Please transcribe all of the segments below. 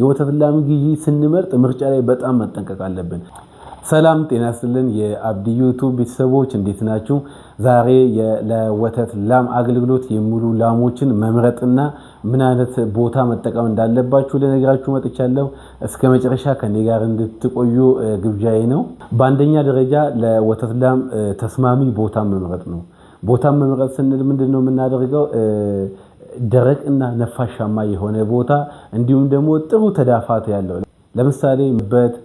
የወተት ላም ግዢ ስንመርጥ ምርጫ ላይ በጣም መጠንቀቅ አለብን። ሰላም ጤና ስልን የአብዲ ዩቱብ ቤተሰቦች እንዴት ናችሁ? ዛሬ ለወተት ላም አገልግሎት የሚሉ ላሞችን መምረጥና ምን አይነት ቦታ መጠቀም እንዳለባችሁ ልነግራችሁ መጥቻለሁ። እስከ መጨረሻ ከኔ ጋር እንድትቆዩ ግብዣዬ ነው። በአንደኛ ደረጃ ለወተት ላም ተስማሚ ቦታ መምረጥ ነው። ቦታ መምረጥ ስንል ምንድን ነው የምናደርገው? ደረቅና ነፋሻማ የሆነ ቦታ እንዲሁም ደግሞ ጥሩ ተዳፋት ያለው ለምሳሌ በት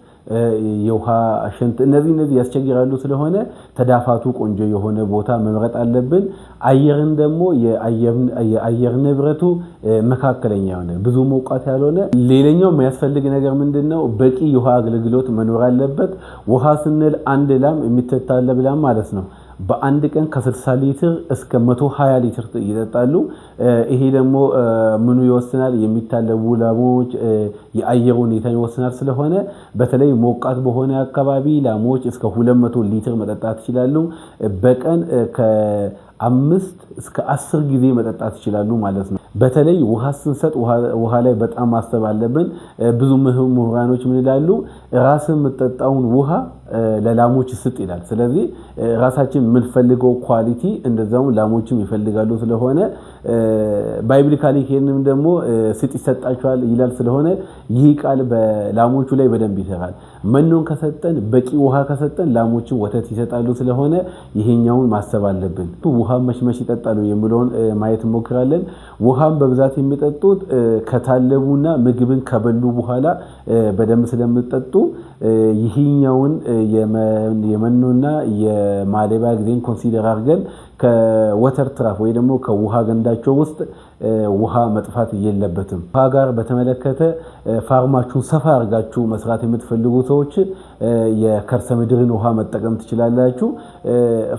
የውሃ ሽንት እነዚህ እነዚህ ያስቸግራሉ። ስለሆነ ተዳፋቱ ቆንጆ የሆነ ቦታ መምረጥ አለብን። አየርን ደግሞ የአየር ንብረቱ መካከለኛ የሆነ ብዙ ሞቃት ያልሆነ። ሌላኛው የሚያስፈልግ ነገር ምንድን ነው? በቂ የውሃ አገልግሎት መኖር አለበት። ውሃ ስንል አንድ ላም የሚተታለብ ላም ማለት ነው። በአንድ ቀን ከ60 ሊትር እስከ 120 ሊትር ይጠጣሉ። ይሄ ደግሞ ምኑ ይወስናል? የሚታለቡ ላሞች የአየር ሁኔታ ይወስናል። ስለሆነ በተለይ ሞቃት በሆነ አካባቢ ላሞች እስከ 200 ሊትር መጠጣት ይችላሉ። በቀን ከአምስት እስከ አስር ጊዜ መጠጣት ይችላሉ ማለት ነው። በተለይ ውሃ ስንሰጥ ውሃ ላይ በጣም ማሰብ አለብን። ብዙ ምሁራኖች ምን ይላሉ? ራስህ የምጠጣውን ውሃ ለላሞች ስጥ ይላል። ስለዚህ ራሳችን የምንፈልገው ኳሊቲ እንደዛውም ላሞችም ይፈልጋሉ። ስለሆነ ባይብሊካሊ ይሄንም ደግሞ ስጥ ይሰጣቸዋል ይላል። ስለሆነ ይህ ቃል በላሞቹ ላይ በደንብ ይሰራል። መኖን ከሰጠን በቂ ውሃ ከሰጠን ላሞችን ወተት ይሰጣሉ። ስለሆነ ይሄኛውን ማሰብ አለብን። ውሃ መሽመሽ ይጠጣሉ የሚለውን ማየት እንሞክራለን። ውሃም በብዛት የሚጠጡት ከታለቡና ምግብን ከበሉ በኋላ በደንብ ስለምጠጡ ይሄኛውን የመኖና የማለቢያ ጊዜን ኮንሲደር አድርገን ከወተር ትራፍ ወይ ደግሞ ከውሃ ገንዳቸው ውስጥ ውሃ መጥፋት የለበትም። ውሃ ጋር በተመለከተ ፋርማችሁን ሰፋ አድርጋችሁ መስራት የምትፈልጉ ሰዎች የከርሰ ምድርን ውሃ መጠቀም ትችላላችሁ።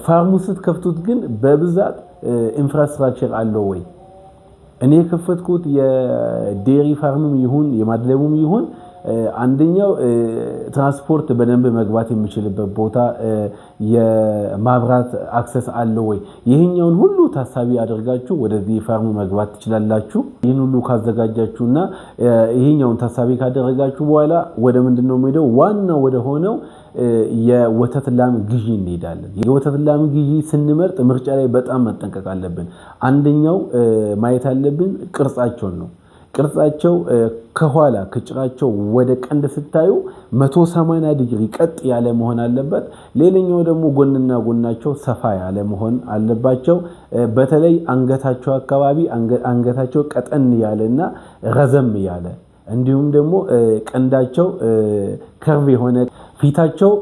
ፋርሙ ስትከፍቱት ግን በብዛት ኢንፍራስትራክቸር አለው ወይ? እኔ የከፈትኩት የዴሪ ፋርምም ይሁን የማድለቡም ይሁን አንደኛው ትራንስፖርት በደንብ መግባት የሚችልበት ቦታ የማብራት አክሰስ አለው ወይ? ይህኛውን ሁሉ ታሳቢ አድርጋችሁ ወደዚህ ፋርሙ መግባት ትችላላችሁ። ይህን ሁሉ ካዘጋጃችሁ እና ይህኛውን ታሳቢ ካደረጋችሁ በኋላ ወደ ምንድን ነው የምሄደው? ዋና ወደ ሆነው የወተት ላም ግዢ እንሄዳለን። የወተት ላም ግዢ ስንመርጥ ምርጫ ላይ በጣም መጠንቀቅ አለብን። አንደኛው ማየት አለብን ቅርጻቸውን ነው ቅርጻቸው ከኋላ ከጭራቸው ወደ ቀንድ ስታዩ 180 ዲግሪ ቀጥ ያለ መሆን አለበት። ሌላኛው ደግሞ ጎንና ጎናቸው ሰፋ ያለ መሆን አለባቸው። በተለይ አንገታቸው አካባቢ አንገታቸው ቀጠን ያለና ረዘም ያለ እንዲሁም ደግሞ ቀንዳቸው ከርቭ የሆነ ፊታቸው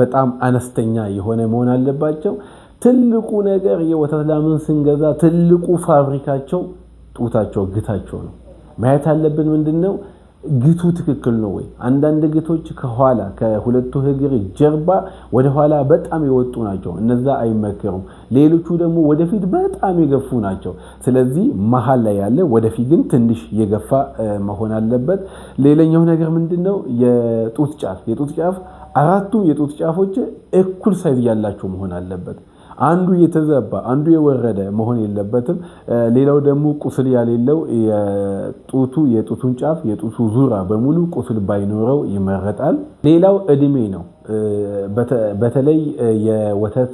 በጣም አነስተኛ የሆነ መሆን አለባቸው። ትልቁ ነገር የወተት ላምን ስንገዛ ትልቁ ፋብሪካቸው ጡታቸው ግታቸው ነው። ማየት ያለብን ምንድን ነው፣ ግቱ ትክክል ነው ወይ? አንዳንድ ግቶች ከኋላ ከሁለቱ እግር ጀርባ ወደ ኋላ በጣም የወጡ ናቸው፣ እነዛ አይመከሩም። ሌሎቹ ደግሞ ወደፊት በጣም የገፉ ናቸው። ስለዚህ መሀል ላይ ያለ ወደፊት ግን ትንሽ የገፋ መሆን አለበት። ሌላኛው ነገር ምንድን ነው፣ የጡት ጫፍ የጡት ጫፍ አራቱ የጡት ጫፎች እኩል ሳይዝ ያላቸው መሆን አለበት። አንዱ የተዘባ አንዱ የወረደ መሆን የለበትም። ሌላው ደግሞ ቁስል ያሌለው የጡቱ የጡቱን ጫፍ የጡቱ ዙራ በሙሉ ቁስል ባይኖረው ይመረጣል። ሌላው እድሜ ነው። በተለይ የወተት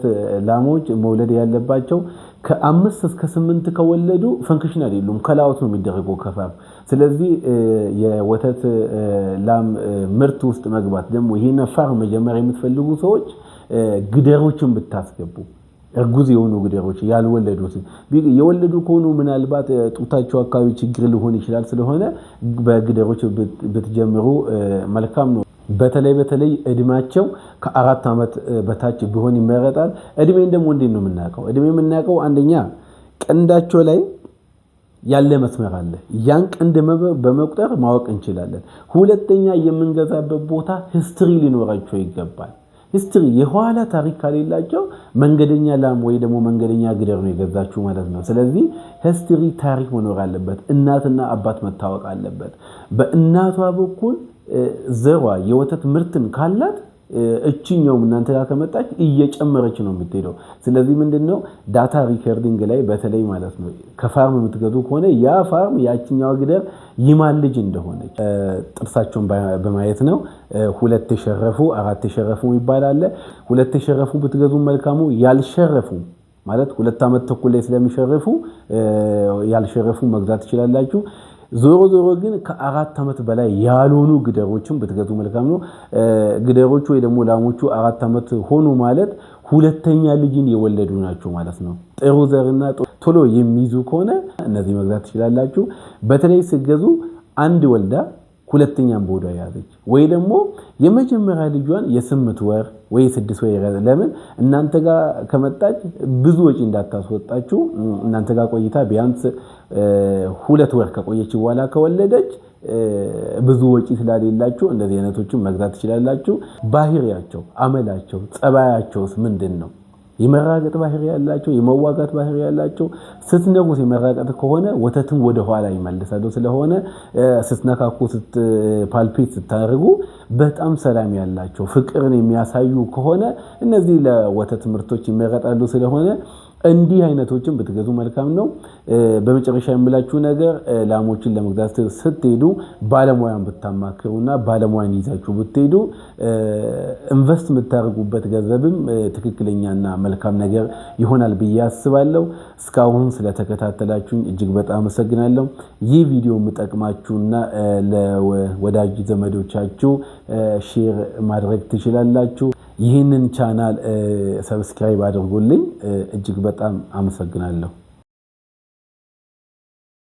ላሞች መውለድ ያለባቸው ከአምስት እስከ ስምንት ከወለዱ ፈንክሽን አይደሉም፣ ከላውት ነው የሚደረገው ከፋም። ስለዚህ የወተት ላም ምርት ውስጥ መግባት ደግሞ ይሄን መጀመሪያ የምትፈልጉ ሰዎች ግደሮችን ብታስገቡ እርጉዝ የሆኑ ግደሮች ያልወለዱት የወለዱ ከሆኑ ምናልባት ጡታቸው አካባቢ ችግር ሊሆን ይችላል። ስለሆነ በግደሮች ብትጀምሩ መልካም ነው። በተለይ በተለይ እድሜያቸው ከአራት ዓመት በታች ቢሆን ይመረጣል። እድሜን ደግሞ እንዴት ነው የምናውቀው? እድሜ የምናውቀው አንደኛ ቀንዳቸው ላይ ያለ መስመር አለ። ያን ቀንድ በመቁጠር ማወቅ እንችላለን። ሁለተኛ የምንገዛበት ቦታ ሂስትሪ ሊኖራቸው ይገባል። ሂስትሪ የኋላ ታሪክ ከሌላቸው መንገደኛ ላም ወይ ደግሞ መንገደኛ ግደር ነው የገዛችሁ ማለት ነው። ስለዚህ ሂስትሪ ታሪክ መኖር አለበት። እናትና አባት መታወቅ አለበት። በእናቷ በኩል ዘሯ የወተት ምርትን ካላት እችኛውም እናንተ ጋር ከመጣች እየጨመረች ነው የምትሄደው። ስለዚህ ምንድን ነው ዳታ ሪከርዲንግ ላይ በተለይ ማለት ነው ከፋርም የምትገዙ ከሆነ ያ ፋርም ግደር ጊደር ይማልጅ እንደሆነች ጥርሳቸውን በማየት ነው። ሁለት የሸረፉ አራት የሸረፉ ይባላል። ሁለት የሸረፉ ብትገዙ መልካሙ ያልሸረፉ ማለት ሁለት ዓመት ተኩል ላይ ስለሚሸረፉ ያልሸረፉ መግዛት ትችላላችሁ። ዞሮ ዞሮ ግን ከአራት ዓመት በላይ ያልሆኑ ግደሮችን ብትገዙ መልካም ነው። ግደሮቹ ወይ ደግሞ ላሞቹ አራት ዓመት ሆኑ ማለት ሁለተኛ ልጅን የወለዱ ናቸው ማለት ነው። ጥሩ ዘርና ቶሎ የሚይዙ ከሆነ እነዚህ መግዛት ትችላላችሁ። በተለይ ስገዙ አንድ ወልዳ ሁለተኛም ቦዳ ያዘች ወይ ደግሞ የመጀመሪያ ልጇን የስምንት ወር ወይ ስድስት ወር ለምን እናንተ ጋር ከመጣች ብዙ ወጪ እንዳታስወጣችሁ እናንተ ጋር ቆይታ ቢያንስ ሁለት ወር ከቆየች በኋላ ከወለደች ብዙ ወጪ ስላሌላችሁ እንደዚህ አይነቶቹን መግዛት ትችላላችሁ። ባህሪያቸው፣ አመላቸው፣ ጸባያቸውስ ምንድን ነው? የመራገጥ ባህሪ ያላቸው፣ የመዋጋት ባህሪ ያላቸው ስትነኩት የመራገጥ ከሆነ ወተትን ወደ ኋላ ይመልሳሉ። ስለሆነ ስትነካኩ ፓልፒት ስታደርጉ በጣም ሰላም ያላቸው ፍቅርን የሚያሳዩ ከሆነ እነዚህ ለወተት ምርቶች ይመረጣሉ። ስለሆነ እንዲህ አይነቶችን ብትገዙ መልካም ነው። በመጨረሻ የምላችሁ ነገር ላሞችን ለመግዛት ስትሄዱ ባለሙያን ብታማክሩና ባለሙያን ይዛችሁ ብትሄዱ ኢንቨስት የምታደርጉበት ገንዘብም ትክክለኛና መልካም ነገር ይሆናል ብዬ አስባለሁ። እስካሁን ስለተከታተላችሁኝ እጅግ በጣም አመሰግናለሁ። ይህ ቪዲዮ የምጠቅማችሁና ለወዳጅ ዘመዶቻችሁ ሼር ማድረግ ትችላላችሁ። ይህንን ቻናል ሰብስክራይብ አድርጉልኝ። እጅግ በጣም አመሰግናለሁ።